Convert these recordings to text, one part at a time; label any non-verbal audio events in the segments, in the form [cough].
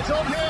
is okay.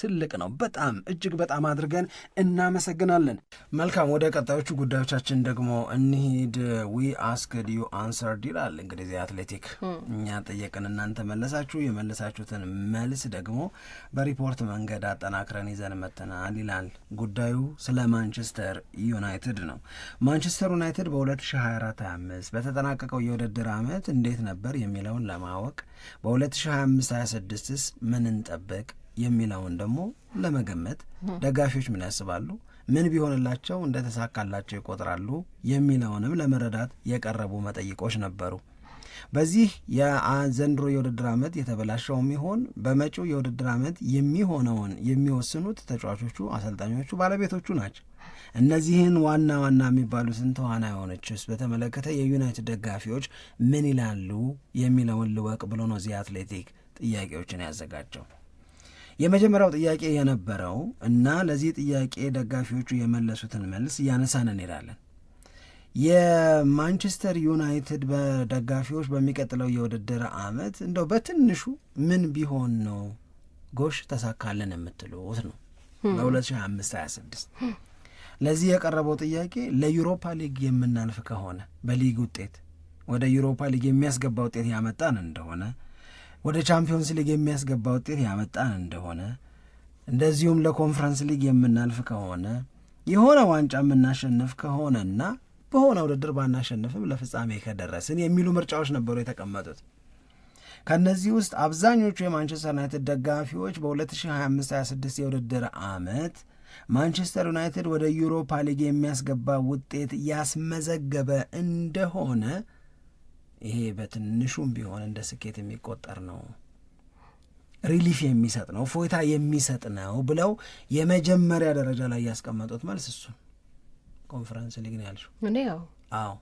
ትልቅ ነው። በጣም እጅግ በጣም አድርገን እናመሰግናለን። መልካም፣ ወደ ቀጣዮቹ ጉዳዮቻችን ደግሞ እንሂድ። ዊ አስክድ ዩ አንሰርድ ይላል እንግዲህ አትሌቲክ። hmm. እኛ ጠየቅን፣ እናንተ መለሳችሁ። የመለሳችሁትን መልስ ደግሞ በሪፖርት መንገድ አጠናክረን ይዘን መተናል ይላል። ጉዳዩ ስለ ማንቸስተር ዩናይትድ ነው። ማንቸስተር ዩናይትድ በ2024/25 በተጠናቀቀው የውድድር ዓመት እንዴት ነበር የሚለውን ለማወቅ በ2025/26ስ ምን እንጠብቅ የሚለውን ደግሞ ለመገመት ደጋፊዎች ምን ያስባሉ፣ ምን ቢሆንላቸው እንደተሳካላቸው ይቆጥራሉ የሚለውንም ለመረዳት የቀረቡ መጠይቆች ነበሩ። በዚህ የዘንድሮ የውድድር ዓመት የተበላሸውም ይሆን በመጪው የውድድር ዓመት የሚሆነውን የሚወስኑት ተጫዋቾቹ፣ አሰልጣኞቹ፣ ባለቤቶቹ ናቸው። እነዚህን ዋና ዋና የሚባሉትን ተዋናዮችስ በተመለከተ የዩናይትድ ደጋፊዎች ምን ይላሉ የሚለውን ልወቅ ብሎ ነው እዚህ አትሌቲክ ጥያቄዎችን ያዘጋጀው። የመጀመሪያው ጥያቄ የነበረው እና ለዚህ ጥያቄ ደጋፊዎቹ የመለሱትን መልስ እያነሳን እንሄዳለን። የማንቸስተር ዩናይትድ በደጋፊዎች በሚቀጥለው የውድድር ዓመት እንደው በትንሹ ምን ቢሆን ነው ጎሽ ተሳካልን የምትሉት ነው? በ2025/26 ለዚህ የቀረበው ጥያቄ ለዩሮፓ ሊግ የምናልፍ ከሆነ በሊግ ውጤት ወደ ዩሮፓ ሊግ የሚያስገባ ውጤት ያመጣን እንደሆነ ወደ ቻምፒዮንስ ሊግ የሚያስገባ ውጤት ያመጣን እንደሆነ እንደዚሁም ለኮንፈረንስ ሊግ የምናልፍ ከሆነ የሆነ ዋንጫ የምናሸንፍ ከሆነና በሆነ ውድድር ባናሸንፍም ለፍጻሜ ከደረስን የሚሉ ምርጫዎች ነበሩ የተቀመጡት። ከእነዚህ ውስጥ አብዛኞቹ የማንቸስተር ዩናይትድ ደጋፊዎች በ2025/26 የውድድር ዓመት ማንቸስተር ዩናይትድ ወደ ዩሮፓ ሊግ የሚያስገባ ውጤት ያስመዘገበ እንደሆነ ይሄ በትንሹም ቢሆን እንደ ስኬት የሚቆጠር ነው፣ ሪሊፍ የሚሰጥ ነው፣ ፎይታ የሚሰጥ ነው ብለው የመጀመሪያ ደረጃ ላይ ያስቀመጡት መልስ እሱን ኮንፈረንስ ሊግ ነው ያልሽው። አዎ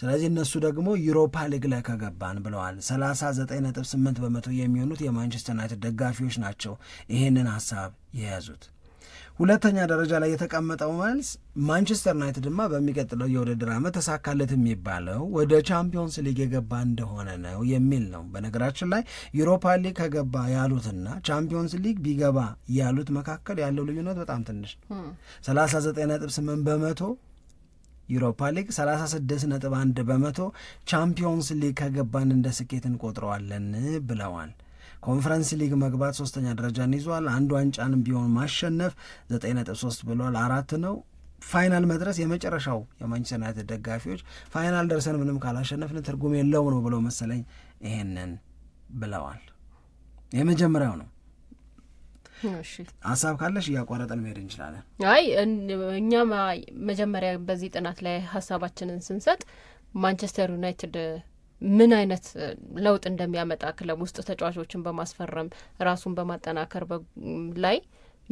ስለዚህ እነሱ ደግሞ ዩሮፓ ሊግ ላይ ከገባን ብለዋል። ሰላሳ ዘጠኝ ነጥብ ስምንት በመቶ የሚሆኑት የማንቸስተር ዩናይትድ ደጋፊዎች ናቸው ይሄንን ሀሳብ የያዙት። ሁለተኛ ደረጃ ላይ የተቀመጠው መልስ ማንቸስተር ዩናይትድማ በሚቀጥለው የውድድር ዓመት ተሳካለት የሚባለው ወደ ቻምፒዮንስ ሊግ የገባ እንደሆነ ነው የሚል ነው። በነገራችን ላይ ዩሮፓ ሊግ ከገባ ያሉትና ቻምፒዮንስ ሊግ ቢገባ ያሉት መካከል ያለው ልዩነት በጣም ትንሽ ነው። 8 በመቶ ዩሮፓ ሊግ 1 በመቶ ቻምፒዮንስ ሊግ ከገባን እንደ ስኬት እንቆጥረዋለን ብለዋል። ኮንፈረንስ ሊግ መግባት ሶስተኛ ደረጃን ይዟል። አንድ ዋንጫንም ቢሆን ማሸነፍ ዘጠኝ ነጥብ ሶስት ብሏል። አራት ነው ፋይናል መድረስ የመጨረሻው የማንቸስተር ዩናይትድ ደጋፊዎች ፋይናል ደርሰን ምንም ካላሸነፍን ትርጉም የለው ነው ብለው መሰለኝ ይሄንን ብለዋል። የመጀመሪያው ነው። ሀሳብ ካለሽ እያቋረጠን መሄድ እንችላለን። አይ እኛ መጀመሪያ በዚህ ጥናት ላይ ሀሳባችንን ስንሰጥ ማንቸስተር ዩናይትድ ምን አይነት ለውጥ እንደሚያመጣ ክለብ ውስጥ ተጫዋቾችን በማስፈረም ራሱን በማጠናከር ላይ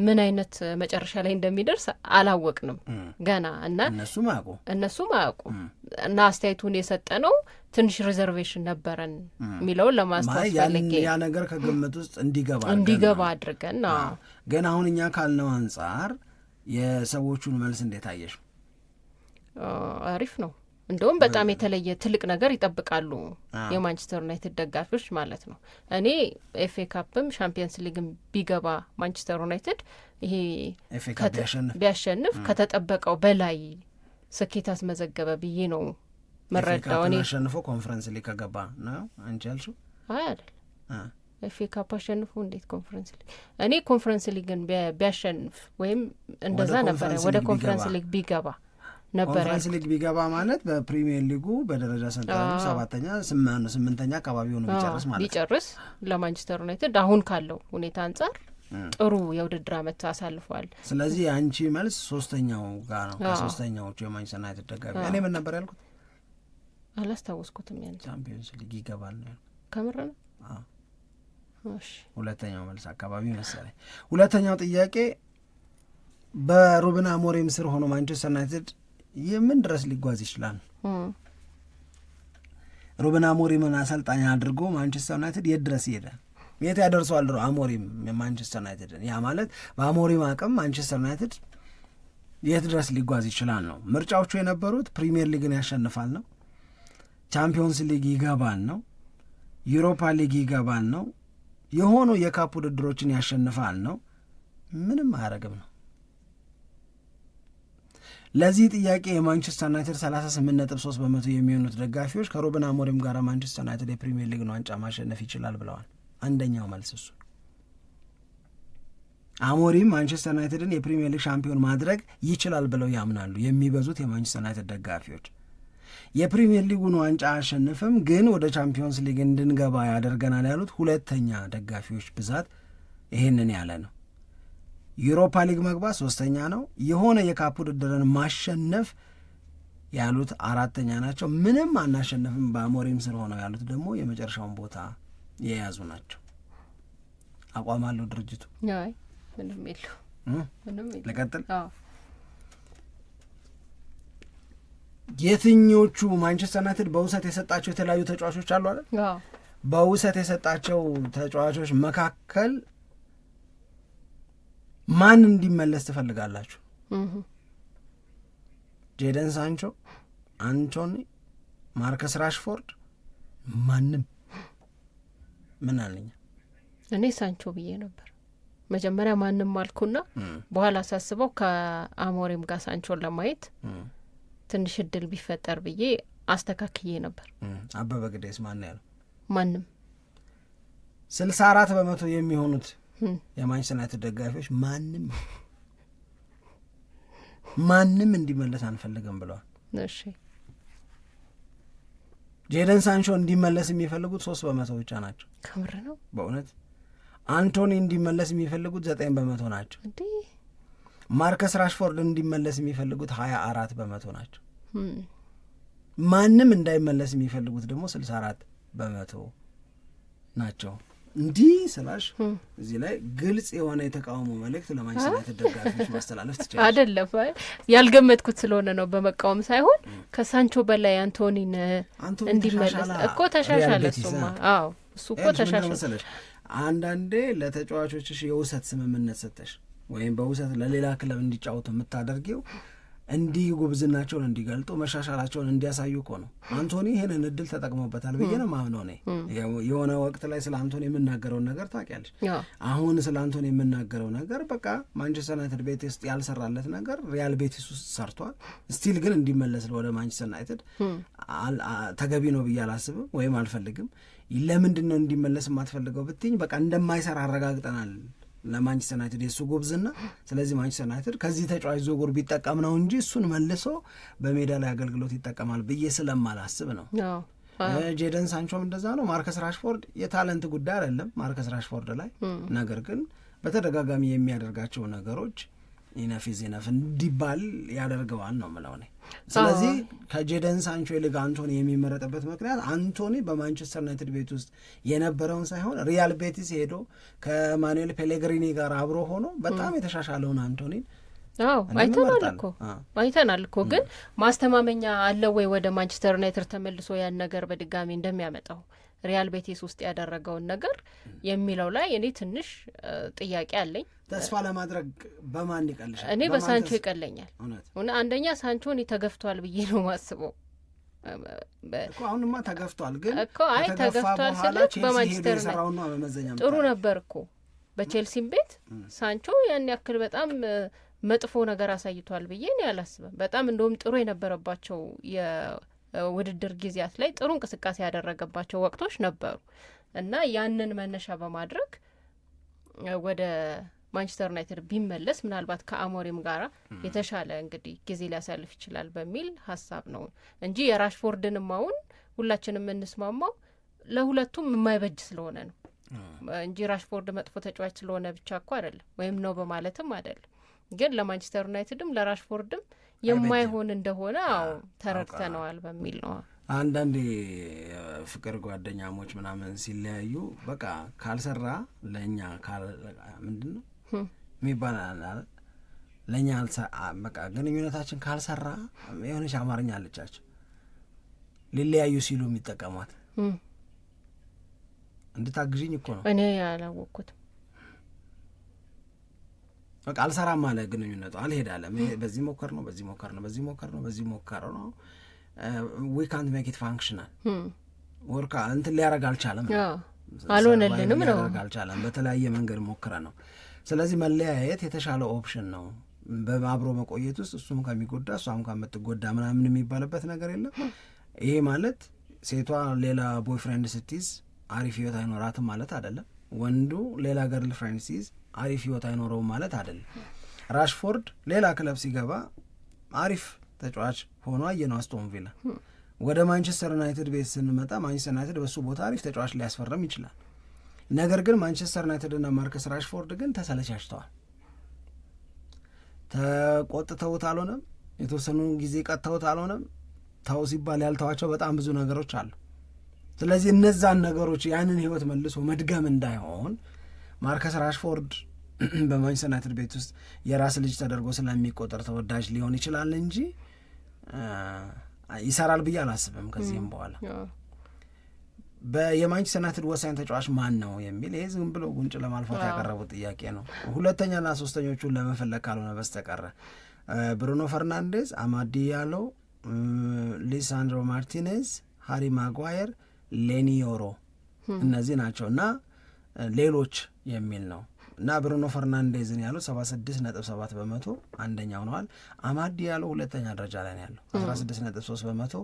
ምን አይነት መጨረሻ ላይ እንደሚደርስ አላወቅንም ገና እና እነሱም አያውቁ እነሱም አያውቁ እና አስተያየቱን የሰጠ ነው ትንሽ ሪዘርቬሽን ነበረን የሚለውን ለማስታወስ ፈልጌ ያ ነገር ከግምት ውስጥ እንዲገባ እንዲገባ አድርገን ገና አሁን እኛ ካልነው አንጻር የሰዎቹን መልስ እንዴት አየሽ? አሪፍ ነው። እንደውም በጣም የተለየ ትልቅ ነገር ይጠብቃሉ የማንቸስተር ዩናይትድ ደጋፊዎች ማለት ነው። እኔ ኤፍ ኤ ካፕም ሻምፒየንስ ሊግም ቢገባ ማንቸስተር ዩናይትድ ይሄ ቢያሸንፍ ከተጠበቀው በላይ ስኬት አስመዘገበ ብዬ ነው መረዳው። እኔ አሸንፎ ኮንፈረንስ ሊግ ከገባ ነው አንቺ ያልሽው አይደል? ኤፍ ኤ ካፕ አሸንፎ እንዴት ኮንፈረንስ ሊግ እኔ ኮንፈረንስ ሊግን ቢያሸንፍ ወይም እንደዛ ነበረ ወደ ኮንፈረንስ ሊግ ቢገባ ነበር ኮንፈረንስ ሊግ ቢገባ ማለት በፕሪሚየር ሊጉ በደረጃ ሰንጠረዡ ሰባተኛ ስምንተኛ አካባቢ ሆኖ ቢጨርስ ማለት ቢጨርስ ለማንቸስተር ዩናይትድ አሁን ካለው ሁኔታ አንጻር ጥሩ የውድድር አመት አሳልፏል። ስለዚህ አንቺ መልስ ሶስተኛው ጋ ነው ከሶስተኛዎቹ የማንቸስተር ዩናይትድ ደጋፊ። እኔ ምን ነበር ያልኩት አላስታወስኩትም። ያን ቻምፒዮንስ ሊግ ይገባል ነው ከምር ነው። ሁለተኛው መልስ አካባቢ መሰለኝ። ሁለተኛው ጥያቄ በሩበን አሞሪም ስር ሆኖ ማንቸስተር ዩናይትድ የምን ድረስ ሊጓዝ ይችላል? ሩበን አሞሪምን አሰልጣኝ አድርጎ ማንቸስተር ዩናይትድ የት ድረስ ይሄዳል? የት ያደርሰዋል አሞሪም ማንቸስተር ዩናይትድን? ያ ማለት በአሞሪም አቅም ማንቸስተር ዩናይትድ የት ድረስ ሊጓዝ ይችላል ነው። ምርጫዎቹ የነበሩት ፕሪሚየር ሊግን ያሸንፋል ነው፣ ቻምፒዮንስ ሊግ ይገባል ነው፣ ዩሮፓ ሊግ ይገባል ነው፣ የሆኑ የካፕ ውድድሮችን ያሸንፋል ነው፣ ምንም አያረግም ነው። ለዚህ ጥያቄ የማንቸስተር ዩናይትድ 3 በመቶ የሚሆኑት ደጋፊዎች ከሩበን አሞሪም ጋር ማንቸስተር ዩናይትድ የፕሪሚየር ሊግን ዋንጫ ማሸነፍ ይችላል ብለዋል። አንደኛው መልስ እሱ አሞሪም ማንቸስተር ዩናይትድን የፕሪሚየር ሊግ ሻምፒዮን ማድረግ ይችላል ብለው ያምናሉ የሚበዙት የማንቸስተር ዩናይትድ ደጋፊዎች። የፕሪሚየር ሊጉን ዋንጫ አሸንፍም ግን ወደ ቻምፒዮንስ ሊግ እንድንገባ ያደርገናል ያሉት ሁለተኛ ደጋፊዎች ብዛት ይህንን ያለ ነው። ዩሮፓ ሊግ መግባት ሶስተኛ ነው። የሆነ የካፕ ውድድርን ማሸነፍ ያሉት አራተኛ ናቸው። ምንም አናሸነፍም በአሞሪም ስለሆነው ያሉት ደግሞ የመጨረሻውን ቦታ የያዙ ናቸው። አቋም አለው ድርጅቱ። ምንም የለውም። ልቀጥል። የትኞቹ ማንቸስተር ዩናይትድ በውሰት የሰጣቸው የተለያዩ ተጫዋቾች አሉ አይደል? በውሰት የሰጣቸው ተጫዋቾች መካከል ማን እንዲመለስ ትፈልጋላችሁ? ጄደን ሳንቾ፣ አንቶኒ፣ ማርከስ ራሽፎርድ፣ ማንም? ምን አለኛ እኔ ሳንቾ ብዬ ነበር። መጀመሪያ ማንም አልኩና በኋላ ሳስበው ከአሞሪም ጋር ሳንቾን ለማየት ትንሽ እድል ቢፈጠር ብዬ አስተካክዬ ነበር። አበበ ግዴስ ማን ያለው? ማንም። ስልሳ አራት በመቶ የሚሆኑት የማንቸስተር ዩናይትድ ደጋፊዎች ማንም ማንም እንዲመለስ አንፈልግም ብለዋል። ጄደን ሳንቾ እንዲመለስ የሚፈልጉት ሶስት በመቶ ብቻ ናቸው። ከምር ነው በእውነት አንቶኒ እንዲመለስ የሚፈልጉት ዘጠኝ በመቶ ናቸው። ማርከስ ራሽፎርድ እንዲመለስ የሚፈልጉት ሀያ አራት በመቶ ናቸው። ማንም እንዳይመለስ የሚፈልጉት ደግሞ ስልሳ አራት በመቶ ናቸው። እንዲህ ስላሽ እዚህ ላይ ግልጽ የሆነ የተቃውሞ መልእክት ለማንችስት ዩናይትድ ደጋፊዎች ማስተላለፍ ትችላል። አይደለም ያልገመትኩት ስለሆነ ነው፣ በመቃወም ሳይሆን ከሳንቾ በላይ አንቶኒን እንዲመለስ እኮ ተሻሻለ። እሱማ አዎ፣ እሱ እኮ ተሻሻለ። አንዳንዴ ለተጫዋቾችሽ የውሰት ስምምነት ሰተሽ ወይም በውሰት ለሌላ ክለብ እንዲጫወቱ የምታደርጊው እንዲህ ጉብዝናቸውን እንዲገልጡ መሻሻላቸውን እንዲያሳዩ እኮ ነው። አንቶኒ ይህንን እድል ተጠቅሞበታል ብዬ ነው ማምነው። እኔ የሆነ ወቅት ላይ ስለ አንቶኒ የምናገረውን ነገር ታውቂያለሽ። አሁን ስለ አንቶኒ የምናገረው ነገር በቃ ማንቸስተር ዩናይትድ ቤቲስ ያልሰራለት ነገር ሪያል ቤቲስ ውስጥ ሰርቷል። ስቲል ግን እንዲመለስ ወደ ማንቸስተር ዩናይትድ ተገቢ ነው ብዬ አላስብም ወይም አልፈልግም። ለምንድን ነው እንዲመለስ የማትፈልገው ብትኝ፣ በቃ እንደማይሰራ አረጋግጠናል ለማንቸስተር ዩናይትድ የእሱ ጉብዝና። ስለዚህ ማንቸስተር ዩናይትድ ከዚህ ተጫዋች ዝውውር ቢጠቀም ነው እንጂ እሱን መልሶ በሜዳ ላይ አገልግሎት ይጠቀማል ብዬ ስለማላስብ ነው። ጄደን ሳንቾም እንደዛ ነው። ማርከስ ራሽፎርድ የታለንት ጉዳይ አይደለም ማርከስ ራሽፎርድ ላይ ነገር ግን በተደጋጋሚ የሚያደርጋቸው ነገሮች ኢነፍ ኢዝ እንዲባል ያደርገዋል ነው ምለው እኔ። ስለዚህ ከጄደን ሳንቾ ይልቅ አንቶኒ የሚመረጥበት ምክንያት አንቶኒ በማንቸስተር ዩናይትድ ቤት ውስጥ የነበረውን ሳይሆን ሪያል ቤቲስ ሄዶ ከማኑኤል ፔሌግሪኒ ጋር አብሮ ሆኖ በጣም የተሻሻለውን አንቶኒን አዎ አይተናል እኮ አይተናል እኮ ግን ማስተማመኛ አለ ወይ ወደ ማንቸስተር ዩናይትድ ተመልሶ ያን ነገር በድጋሚ እንደሚያመጣው ሪያል ቤቲስ ውስጥ ያደረገውን ነገር የሚለው ላይ እኔ ትንሽ ጥያቄ አለኝ። ተስፋ ለማድረግ በማን ይቀልሻል? እኔ በሳንቾ ይቀለኛል። አንደኛ ሳንቾን ተገፍቷል ብዬ ነው ማስበው። አሁንማ ተገፍቷል፣ ግን እኮ አይ ተገፍቷል ስልክ በማንቸስተር ጥሩ ነበር እኮ በቼልሲም ቤት ሳንቾ ያን ያክል በጣም መጥፎ ነገር አሳይቷል ብዬ እኔ አላስብም። በጣም እንደውም ጥሩ የነበረባቸው ውድድር ጊዜያት ላይ ጥሩ እንቅስቃሴ ያደረገባቸው ወቅቶች ነበሩ እና ያንን መነሻ በማድረግ ወደ ማንቸስተር ዩናይትድ ቢመለስ ምናልባት ከአሞሪም ጋር የተሻለ እንግዲህ ጊዜ ሊያሳልፍ ይችላል በሚል ሀሳብ ነው እንጂ የራሽፎርድንም አሁን ሁላችንም የምንስማማው ለሁለቱም የማይበጅ ስለሆነ ነው እንጂ ራሽፎርድ መጥፎ ተጫዋች ስለሆነ ብቻ እኮ አይደለም፣ ወይም ነው በማለትም አይደለም። ግን ለማንቸስተር ዩናይትድም ለራሽፎርድም የማይሆን እንደሆነ አዎ ተረድተነዋል በሚል ነው። አንዳንዴ ፍቅር ጓደኛሞች ምናምን ሲለያዩ በቃ ካልሰራ ለእኛ ምንድን ነው የሚባል ለእኛ በቃ ግንኙነታችን ካልሰራ የሆነች አማርኛ አለቻቸው ሊለያዩ ሲሉ የሚጠቀሟት እንድታግዥኝ እኮ ነው እኔ ያላወቅኩት በቃ አልሰራም አለ ግንኙነቱ አልሄዳለም። በዚህ ሞከር ነው በዚህ ሞከር ነው በዚህ ሞከር ነው በዚህ ሞከር ነው ዊካንት ሜክ ኢት ፋንክሽናል ወርካ እንትን ሊያረግ አልቻለም፣ አልሆነልንም ነው አልቻለም። በተለያየ መንገድ ሞክረ ነው። ስለዚህ መለያየት የተሻለ ኦፕሽን ነው። በአብሮ መቆየት ውስጥ እሱም ከሚጎዳ እሷም ከምትጎዳ ምናምን የሚባልበት ነገር የለም። ይሄ ማለት ሴቷ ሌላ ቦይፍሬንድ ስትይዝ አሪፍ ህይወት አይኖራትም ማለት አይደለም። ወንዱ ሌላ ገርል ፍሬንድ ሲይዝ አሪፍ ህይወት አይኖረውም ማለት አይደለም። ራሽፎርድ ሌላ ክለብ ሲገባ አሪፍ ተጫዋች ሆኖ አየነው። አስቶን ቪላ ወደ ማንቸስተር ዩናይትድ ቤት ስንመጣ ማንቸስተር ዩናይትድ በሱ ቦታ አሪፍ ተጫዋች ሊያስፈርም ይችላል። ነገር ግን ማንቸስተር ዩናይትድና ማርከስ ራሽፎርድ ግን ተሰለቻችተዋል። ተቆጥተውት አልሆነም፣ የተወሰኑ ጊዜ ቀጥተውት አልሆነም። ተው ሲባል ያልተዋቸው በጣም ብዙ ነገሮች አሉ። ስለዚህ እነዛን ነገሮች ያንን ህይወት መልሶ መድገም እንዳይሆን ማርከስ ራሽፎርድ [clears throat] በማንቸስተር ዩናይትድ ቤት ውስጥ የራስ ልጅ ተደርጎ ስለሚቆጠር ተወዳጅ ሊሆን ይችላል እንጂ ይሰራል ብዬ አላስብም። ከዚህም በኋላ የማንችስተር ዩናይትድ ወሳኝ ተጫዋች ማን ነው የሚል ይሄ ዝም ብሎ ጉንጭ ለማልፋት ያቀረቡት ጥያቄ ነው። ሁለተኛና ሶስተኞቹን ለመፈለግ ካልሆነ በስተቀረ ብሩኖ ፈርናንዴዝ፣ አማዲ ያለው፣ ሊሳንድሮ ማርቲኔዝ፣ ሃሪ ማጓየር፣ ሌኒዮሮ እነዚህ ናቸው እና ሌሎች የሚል ነው እና ብሩኖ ፈርናንዴዝን ያሉት ያለው 76.7 በመቶ አንደኛ ሆነዋል። አማዲ ያለው ሁለተኛ ደረጃ ላይ ነው ያለው ነጥብ ሶስት በመቶ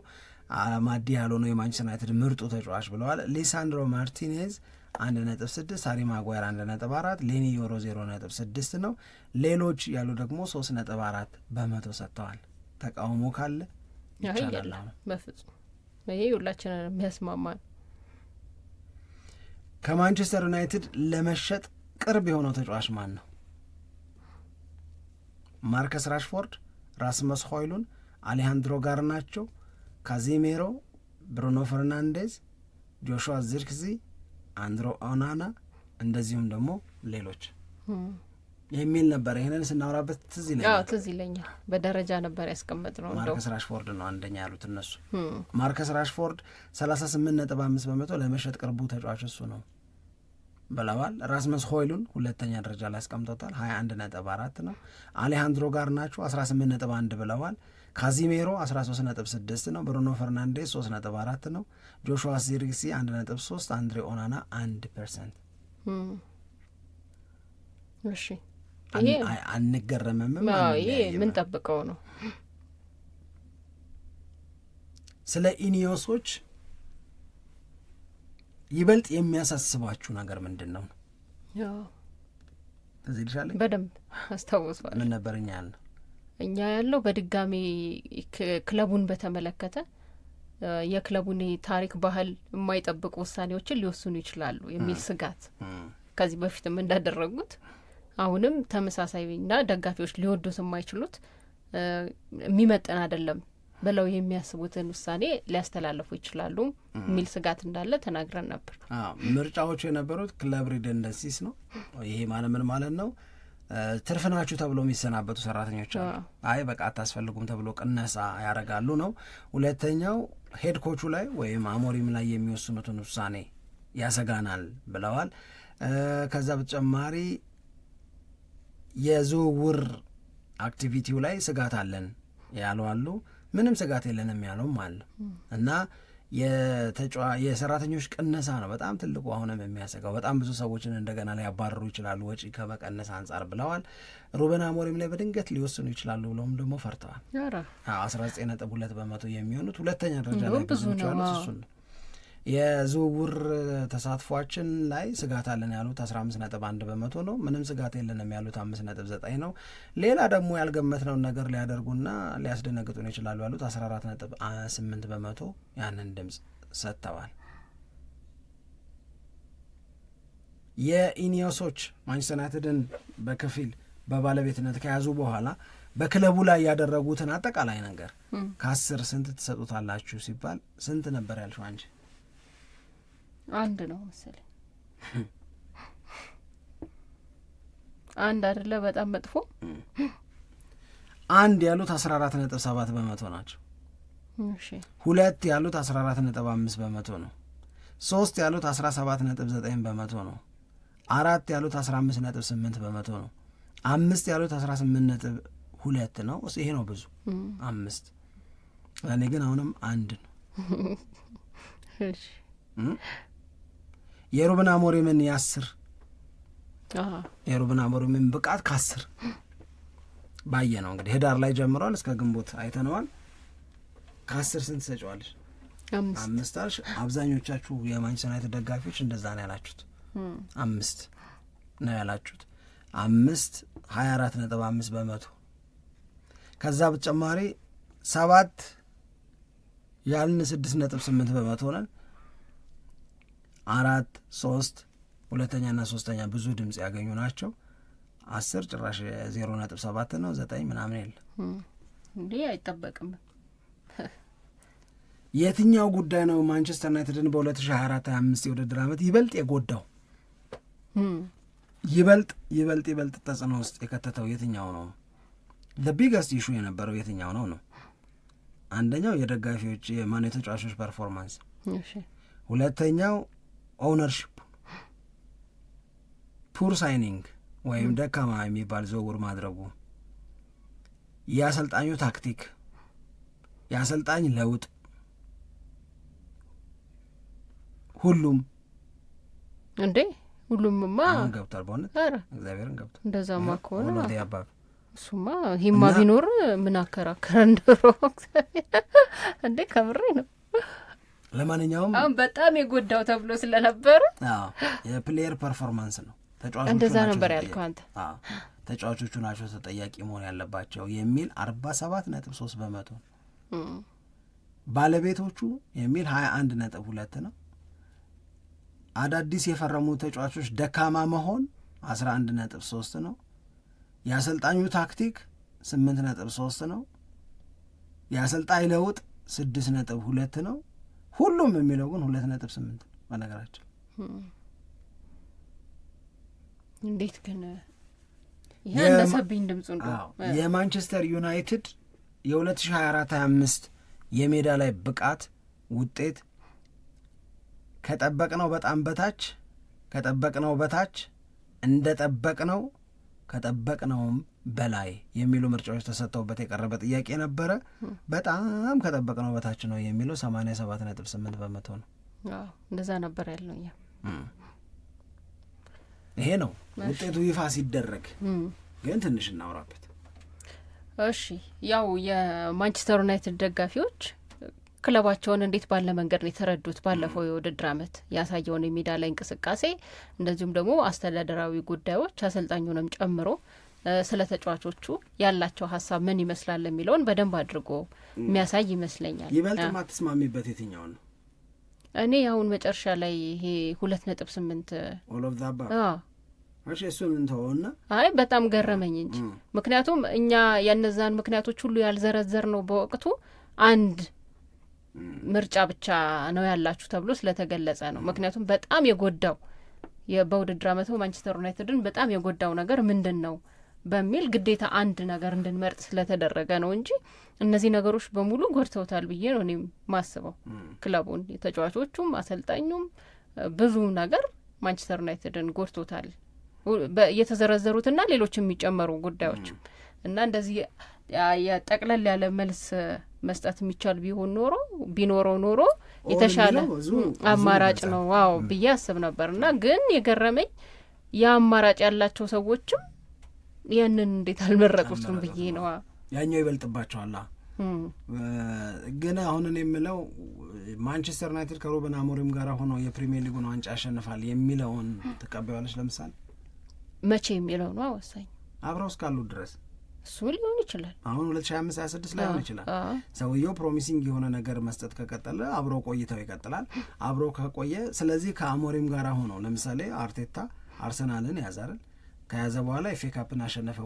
አማዲ ያለው ነው የማንቸስተር ዩናይትድ ምርጡ ተጫዋች ብለዋል። ሊሳንድሮ ማርቲኔዝ አንድ ነጥብ 1.6፣ ሃሪ ማጓየር አራት ሌኒ ዮሮ ዜሮ ነጥብ ስድስት ነው። ሌሎች ያሉ ደግሞ ሶስት ነጥብ አራት በመቶ ሰጥተዋል። ተቃውሞ ካለ ይቻላል። በፍጹም ይሄ ሁላችንን የሚያስማማ ነው። ከማንቸስተር ዩናይትድ ለመሸጥ ቅርብ የሆነው ተጫዋች ማን ነው? ማርከስ ራሽፎርድ፣ ራስመስ ሆይሉን፣ አሌሃንድሮ ጋርናቾ፣ ካዚሜሮ፣ ብሩኖ ፈርናንዴዝ፣ ጆሹዋ ዚርክዚ፣ አንድሮ ኦናና እንደዚሁም ደግሞ ሌሎች የሚል ነበር። ይህንን ስናወራበት ትዝ ይለኛል ትዝ ይለኛል። በደረጃ ነበር ያስቀመጥ ነው። ማርከስ ራሽፎርድ ነው አንደኛ ያሉት እነሱ። ማርከስ ራሽፎርድ ሰላሳ ስምንት ነጥብ አምስት በመቶ ለመሸጥ ቅርቡ ተጫዋች እሱ ነው ብለዋል። ራስመስ ሆይሉን ሁለተኛ ደረጃ ላይ አስቀምጦታል። ሀያ አንድ ነጥብ አራት ነው። አሌሃንድሮ ጋር ናቸው አስራ ስምንት ነጥብ አንድ ብለዋል። ካዚሜሮ 13.6 ነው። ብሩኖ ፈርናንዴስ 3.4 ነው። ጆሹዋ ዚርክሲ 1.3፣ አንድሬ ኦናና 1 ፐርሰንት። እሺ አንገረምም። ይሄ ነው። ስለ ኢኒዮሶች ይበልጥ የሚያሳስባችሁ ነገር ምንድን ነው? እዚህ ልሻለ በደንብ አስታውሷል። ምን ነበር እኛ ያልነው? እኛ ያለው በድጋሚ ክለቡን በተመለከተ የክለቡን ታሪክ፣ ባህል የማይጠብቁ ውሳኔዎችን ሊወስኑ ይችላሉ የሚል ስጋት ከዚህ በፊትም እንዳደረጉት አሁንም ተመሳሳይና ደጋፊዎች ሊወዱት የማይችሉት የሚመጠን አይደለም ብለው የሚያስቡትን ውሳኔ ሊያስተላልፉ ይችላሉ የሚል ስጋት እንዳለ ተናግረን ነበር። ምርጫዎቹ የነበሩት ክለብ ሪደንደንሲስ ነው። ይሄ ማለት ምን ማለት ነው? ትርፍ ናችሁ ተብሎ የሚሰናበቱ ሰራተኞች አሉ። አይ በቃ አታስፈልጉም ተብሎ ቅነሳ ያደርጋሉ ነው። ሁለተኛው ሄድኮቹ ላይ ወይም አሞሪም ላይ የሚወስኑትን ውሳኔ ያሰጋናል ብለዋል። ከዛ በተጨማሪ የዝውውር አክቲቪቲው ላይ ስጋት አለን ያሉ አሉ። ምንም ስጋት የለንም ያለውም አለ እና የሰራተኞች ቅነሳ ነው በጣም ትልቁ አሁንም የሚያሰጋው። በጣም ብዙ ሰዎችን እንደገና ላይ ያባረሩ ይችላሉ ወጪ ከመቀነስ አንጻር ብለዋል። ሩበን አሞሪም ላይ በድንገት ሊወስኑ ይችላሉ ብለውም ደግሞ ፈርተዋል። አስራ ዘጠኝ ነጥብ ሁለት በመቶ የሚሆኑት ሁለተኛ ደረጃ ላይ ብዙ ነው። የዝውውር ተሳትፏችን ላይ ስጋት አለን ያሉት አንድ በመቶ ነው። ምንም ስጋት የለንም ያሉት ነጥብ ዘጠኝ ነው። ሌላ ደግሞ ያልገመትነውን ነገር ሊያደርጉና ሊያስደነግጡን ይችላሉ ያሉት ስምንት በመቶ ያንን ድምጽ ሰጥተዋል። የኢኒዮሶች ማንቸስተር ዩናይትድን በከፊል በባለቤትነት ከያዙ በኋላ በክለቡ ላይ ያደረጉትን አጠቃላይ ነገር ከአስር ስንት ትሰጡታላችሁ ሲባል ስንት ነበር ያልሽው አንቺ? አንድ ነው መሰለኝ። አንድ አይደለ? በጣም መጥፎ አንድ ያሉት አስራ አራት ነጥብ ሰባት በመቶ ናቸው። ሁለት ያሉት አስራ አራት ነጥብ አምስት በመቶ ነው። ሶስት ያሉት አስራ ሰባት ነጥብ ዘጠኝ በመቶ ነው። አራት ያሉት አስራ አምስት ነጥብ ስምንት በመቶ ነው። አምስት ያሉት አስራ ስምንት ነጥብ ሁለት ነው። ይሄ ነው ብዙ አምስት። እኔ ግን አሁንም አንድ ነው። የሩበን አሞሪምን የአስር የሩበን አሞሪምን ብቃት ካስር ባየ ነው እንግዲህ ህዳር ላይ ጀምሯል እስከ ግንቦት አይተነዋል። ከአስር ስንት ሰጫዋለች? አምስት አልሽ። አብዛኞቻችሁ የማንቸስተር ዩናይትድ ደጋፊዎች እንደዛ ነው ያላችሁት፣ አምስት ነው ያላችሁት። አምስት ሀያ አራት ነጥብ አምስት በመቶ ከዛ በተጨማሪ ሰባት ያልን ስድስት ነጥብ ስምንት በመቶ ነን። አራት ሶስት ሁለተኛና ሶስተኛ ብዙ ድምጽ ያገኙ ናቸው። አስር ጭራሽ ዜሮ ነጥብ ሰባት ነው። ዘጠኝ ምናምን የለ እንዴ አይጠበቅም። [laughs] የትኛው ጉዳይ ነው ማንቸስተር ዩናይትድን በ2024 25 የውድድር ዓመት ይበልጥ የጎዳው ይበልጥ ይበልጥ ይበልጥ ተጽዕኖ ውስጥ የከተተው የትኛው ነው? ለቢገስት ኢሹ የነበረው የትኛው ነው ነው አንደኛው የደጋፊዎች የማን የተጫዋቾች ፐርፎርማንስ፣ ሁለተኛው ኦውነርሺፑ ፑር ሳይኒንግ ወይም hmm. ደካማ የሚባል ዝውውር ማድረጉ የአሰልጣኙ ታክቲክ የአሰልጣኝ ለውጥ ሁሉም እንዴ ሁሉምማ ገብቷል። በእውነት እግዚአብሔርን ገብቷል። እንደዛማ ከሆነ እሱማ ሂማ ቢኖር ምን አከራከረ እንደሮ [laughs] እግዚአብሔር እንዴ ከምሬ ነው። ለማንኛውም አሁን በጣም የጎዳው ተብሎ ስለነበረ የፕሌየር ፐርፎርማንስ ነው። እንደዛ ነበር ያልከው አንተ። ተጫዋቾቹ ናቸው ተጠያቂ መሆን ያለባቸው የሚል አርባ ሰባት ነጥብ ሶስት በመቶ ነው። ባለቤቶቹ የሚል ሀያ አንድ ነጥብ ሁለት ነው። አዳዲስ የፈረሙ ተጫዋቾች ደካማ መሆን አስራ አንድ ነጥብ ሶስት ነው። የአሰልጣኙ ታክቲክ ስምንት ነጥብ ሶስት ነው። የአሰልጣኝ ለውጥ ስድስት ነጥብ ሁለት ነው። ሁሉም የሚለው ግን ሁለት ነጥብ ስምንት በነገራችን እንዴት ግን እንደሰብኝ ድምፁ የማንቸስተር ዩናይትድ የ2024/25 የሜዳ ላይ ብቃት ውጤት ከጠበቅነው በጣም በታች ከጠበቅነው በታች እንደ ጠበቅነው ከጠበቅነውም በላይ የሚሉ ምርጫዎች ተሰጥተውበት የቀረበ ጥያቄ ነበረ። በጣም ከጠበቅነው በታች ነው የሚለው ሰማኒያ ሰባት ነጥብ ስምንት በመቶ ነው። እንደዛ ነበር ያለው ይሄ ነው ውጤቱ ይፋ ሲደረግ ግን ትንሽ እናውራበት። እሺ ያው የማንቸስተር ዩናይትድ ደጋፊዎች ክለባቸውን እንዴት ባለ መንገድ ነው የተረዱት? ባለፈው የውድድር ዓመት ያሳየውን የሜዳ ላይ እንቅስቃሴ እንደዚሁም ደግሞ አስተዳደራዊ ጉዳዮች አሰልጣኙንም ጨምሮ ስለ ተጫዋቾቹ ያላቸው ሀሳብ ምን ይመስላል የሚለውን በደንብ አድርጎ የሚያሳይ ይመስለኛል። ይበልጥ ማትስማሚበት የትኛው ነው? እኔ አሁን መጨረሻ ላይ ይሄ ሁለት ነጥብ ስምንት እሺ፣ እሱን እንተወውና አይ በጣም ገረመኝ እንጂ ምክንያቱም እኛ የነዛን ምክንያቶች ሁሉ ያልዘረዘር ነው በወቅቱ አንድ ምርጫ ብቻ ነው ያላችሁ ተብሎ ስለተገለጸ ነው። ምክንያቱም በጣም የጎዳው በውድድር አመቱ ማንቸስተር ዩናይትድን በጣም የጎዳው ነገር ምንድን ነው በሚል ግዴታ አንድ ነገር እንድንመርጥ ስለተደረገ ነው እንጂ እነዚህ ነገሮች በሙሉ ጎድተውታል ብዬ ነው እኔም ማስበው ክለቡን፣ ተጫዋቾቹም፣ አሰልጣኙም ብዙ ነገር ማንቸስተር ዩናይትድን ጎድቶታል። የተዘረዘሩትና ሌሎች የሚጨመሩ ጉዳዮች እና እንደዚህ ጠቅለል ያለ መልስ መስጠት የሚቻል ቢሆን ኖሮ ቢኖረው ኖሮ የተሻለ አማራጭ ነው ዋው ብዬ አስብ ነበር እና ግን የገረመኝ የአማራጭ ያላቸው ሰዎችም ያንን እንዴት አልመረጡትም ብዬ ነዋ። ያኛው ይበልጥባቸዋል። ግን አሁን እኔ የምለው ማንቸስተር ዩናይትድ ከሩበን አሞሪም ጋር ሆነው የፕሪሚየር ሊጉን ዋንጫ ያሸንፋል የሚለውን ትቀበያለች? ለምሳሌ መቼ የሚለው ነው ወሳኝ። አብረው እስካሉ ድረስ እሱ ሊሆን ይችላል። አሁን ሁለት ሺ አምስት ሀያ ስድስት ላይሆን ይችላል። ሰውየው ፕሮሚሲንግ የሆነ ነገር መስጠት ከቀጠለ አብሮ ቆይተው ይቀጥላል። አብረው ከቆየ ስለዚህ ከአሞሪም ጋር ሆነው ለምሳሌ አርቴታ አርሰናልን ያዛል ከያዘ በኋላ ኤፍ ካፕን አሸነፈ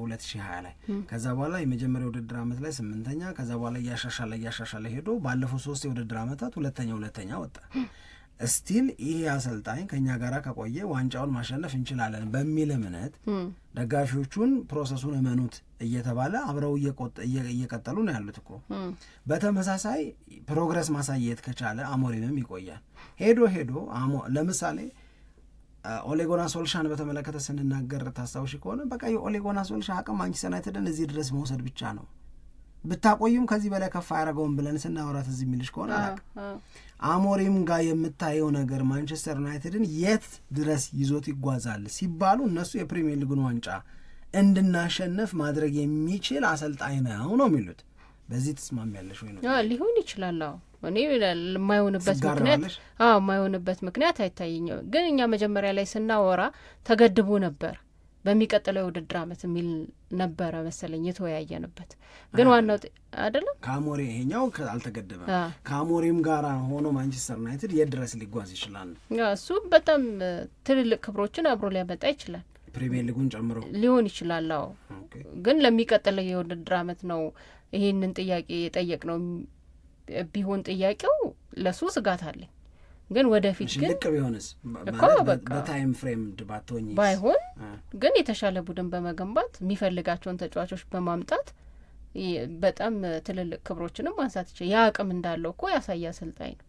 ሀያ ላይ። ከዛ በኋላ የመጀመሪያ ውድድር ዓመት ላይ ስምንተኛ፣ ከዛ በኋላ እያሻሻለ እያሻሻለ ሄዶ ባለፉት ሶስት የውድድር ዓመታት ሁለተኛ ሁለተኛ ወጣ። እስቲል ይህ አሰልጣኝ ከእኛ ጋር ከቆየ ዋንጫውን ማሸነፍ እንችላለን በሚል እምነት ደጋፊዎቹን ፕሮሰሱን እመኑት እየተባለ አብረው እየቀጠሉ ነው ያሉት እኮ። በተመሳሳይ ፕሮግረስ ማሳየት ከቻለ አሞሪምም ይቆያል። ሄዶ ሄዶ ለምሳሌ ኦሌጎና ሶልሻን በተመለከተ ስንናገር ታስታውሽ ከሆነ በቃ የኦሌጎና ሶልሻ አቅም ማንቸስተር ዩናይትድን እዚህ ድረስ መውሰድ ብቻ ነው ብታቆዩም ከዚህ በላይ ከፍ አያደርገውም ብለን ስናወራት እዚህ የሚልሽ ከሆነ አሞሪም ጋር የምታየው ነገር ማንቸስተር ዩናይትድን የት ድረስ ይዞት ይጓዛል ሲባሉ እነሱ የፕሪሚየር ሊግን ዋንጫ እንድናሸንፍ ማድረግ የሚችል አሰልጣኝ ነው ነው የሚሉት። በዚህ ትስማሚያለሽ ወይ? ነው ሊሆን ይችላል። እኔ የማይሆንበት ምክንያት አዎ የማይሆንበት ምክንያት አይታየኝም። ግን እኛ መጀመሪያ ላይ ስናወራ ተገድቦ ነበር በሚቀጥለው የውድድር አመት የሚል ነበረ መሰለኝ የተወያየንበት። ግን ዋናው አይደለም ከአሞሬ ይሄኛው አልተገደበም። ከአሞሬም ጋር ሆኖ ማንቸስተር ዩናይትድ የት ድረስ ሊጓዝ ይችላል? እሱ በጣም ትልልቅ ክብሮችን አብሮ ሊያመጣ ይችላል። ፕሪሚየር ሊጉን ጨምሮ ሊሆን ይችላል። አዎ ግን ለሚቀጥለው የውድድር አመት ነው ይህንን ጥያቄ የጠየቅ ነው ቢሆን ጥያቄው ለሱ ስጋት አለኝ። ግን ወደፊት ግን ቢሆንስ በታይም ፍሬም ባትሆኝ ባይሆን ግን የተሻለ ቡድን በመገንባት የሚፈልጋቸውን ተጫዋቾች በማምጣት በጣም ትልልቅ ክብሮችንም ማንሳት ይችላል። ያ አቅም እንዳለው እኮ ያሳየ አሰልጣኝ ነው።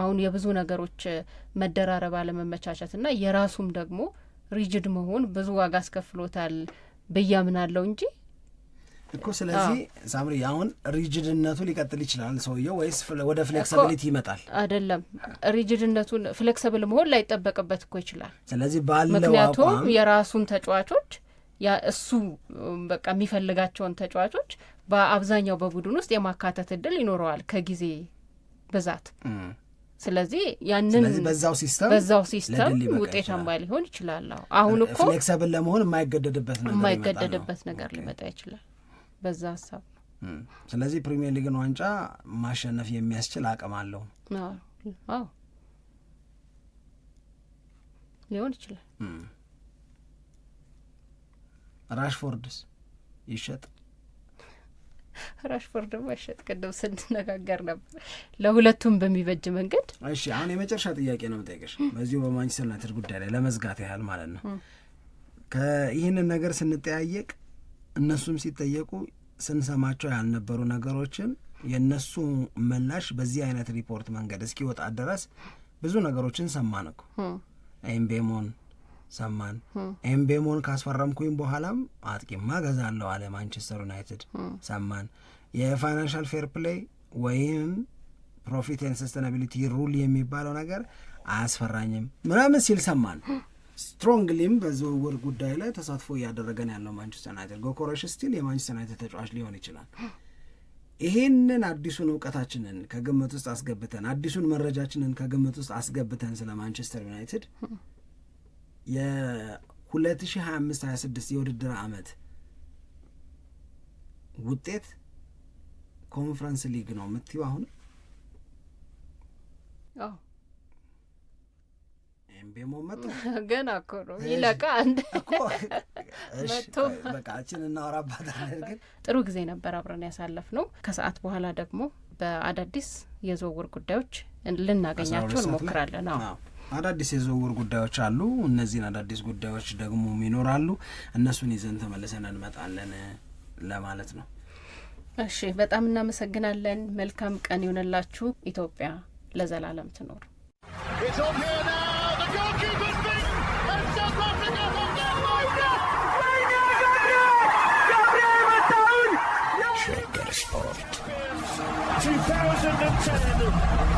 አሁን የብዙ ነገሮች መደራረብ አለመመቻቸትና የራሱም ደግሞ ሪጅድ መሆን ብዙ ዋጋ አስከፍሎታል ብያምናለው እንጂ እኮ ስለዚህ ሳምሪ አሁን ሪጅድነቱ ሊቀጥል ይችላል ሰውየው ወይስ ወደ ፍሌክሲቢሊቲ ይመጣል? አይደለም ሪጅድነቱን ፍሌክሲብል መሆን ላይጠበቅበት እኮ ይችላል። ስለዚህ ባለው ምክንያቱም የራሱን ተጫዋቾች ያ እሱ በቃ የሚፈልጋቸውን ተጫዋቾች በአብዛኛው በቡድን ውስጥ የማካተት እድል ይኖረዋል ከጊዜ ብዛት። ስለዚህ ያንን በዛው ሲስተም በዛው ሲስተም ውጤታማ ሊሆን ይችላል። አሁን እኮ ፍሌክሲብል ለመሆን የማይገደድበት ነገር ሊመጣ ይችላል። በዛ ሀሳብ ነው። ስለዚህ ፕሪሚየር ሊግን ዋንጫ ማሸነፍ የሚያስችል አቅም አለው። አዎ ሊሆን ይችላል። ራሽፎርድስ ይሸጥ? ራሽፎርድማ ይሸጥ። ቅድም ስንነጋገር ነበር ለሁለቱም በሚበጅ መንገድ። እሺ አሁን የመጨረሻ ጥያቄ ነው የምጠይቅሽ በዚሁ በማንቸስተር ዩናይትድ ጉዳይ ላይ ለመዝጋት ያህል ማለት ነው። ይህንን ነገር ስንጠያየቅ እነሱም ሲጠየቁ ስንሰማቸው ያልነበሩ ነገሮችን የእነሱ ምላሽ በዚህ አይነት ሪፖርት መንገድ እስኪወጣ ድረስ ብዙ ነገሮችን ሰማን እኮ ኤምቤሞን ሰማን። ኤምቤሞን ካስፈረምኩኝ በኋላም አጥቂማ ገዛለሁ አለ ማንቸስተር ዩናይትድ ሰማን። የፋይናንሻል ፌር ፕሌይ ወይም ፕሮፊት ኤንድ ሰስተናቢሊቲ ሩል የሚባለው ነገር አያስፈራኝም ምናምን ሲል ሰማን። ስትሮንግሊም በዝውውር ጉዳይ ላይ ተሳትፎ እያደረገን ያለው ማንቸስተር ዩናይትድ ጎኮረሽ ስቲል የማንቸስተር ዩናይትድ ተጫዋች ሊሆን ይችላል። ይሄንን አዲሱን እውቀታችንን ከግምት ውስጥ አስገብተን አዲሱን መረጃችንን ከግምት ውስጥ አስገብተን ስለ ማንቸስተር ዩናይትድ የ2025/26 የውድድር ዓመት ውጤት ኮንፈረንስ ሊግ ነው የምትይው አሁን ኤምቤሞ መጡ። [laughs] ገና እኮ ነው ይለቃ አንድ እኮ [laughs] መቶ በቃችን እናወራባታለን። ግን ጥሩ ጊዜ ነበር አብረን ያሳለፍ ነው። ከሰዓት በኋላ ደግሞ በአዳዲስ የዝውውር ጉዳዮች ልናገኛቸው እንሞክራለን። አዎ አዳዲስ የዝውውር ጉዳዮች አሉ። እነዚህን አዳዲስ ጉዳዮች ደግሞ ይኖራሉ። እነሱን ይዘን ተመልሰን እንመጣለን ለማለት ነው። እሺ፣ በጣም እናመሰግናለን። መልካም ቀን ይሆንላችሁ። ኢትዮጵያ ለዘላለም ትኖር። ኢትዮጵያ Sport. 2010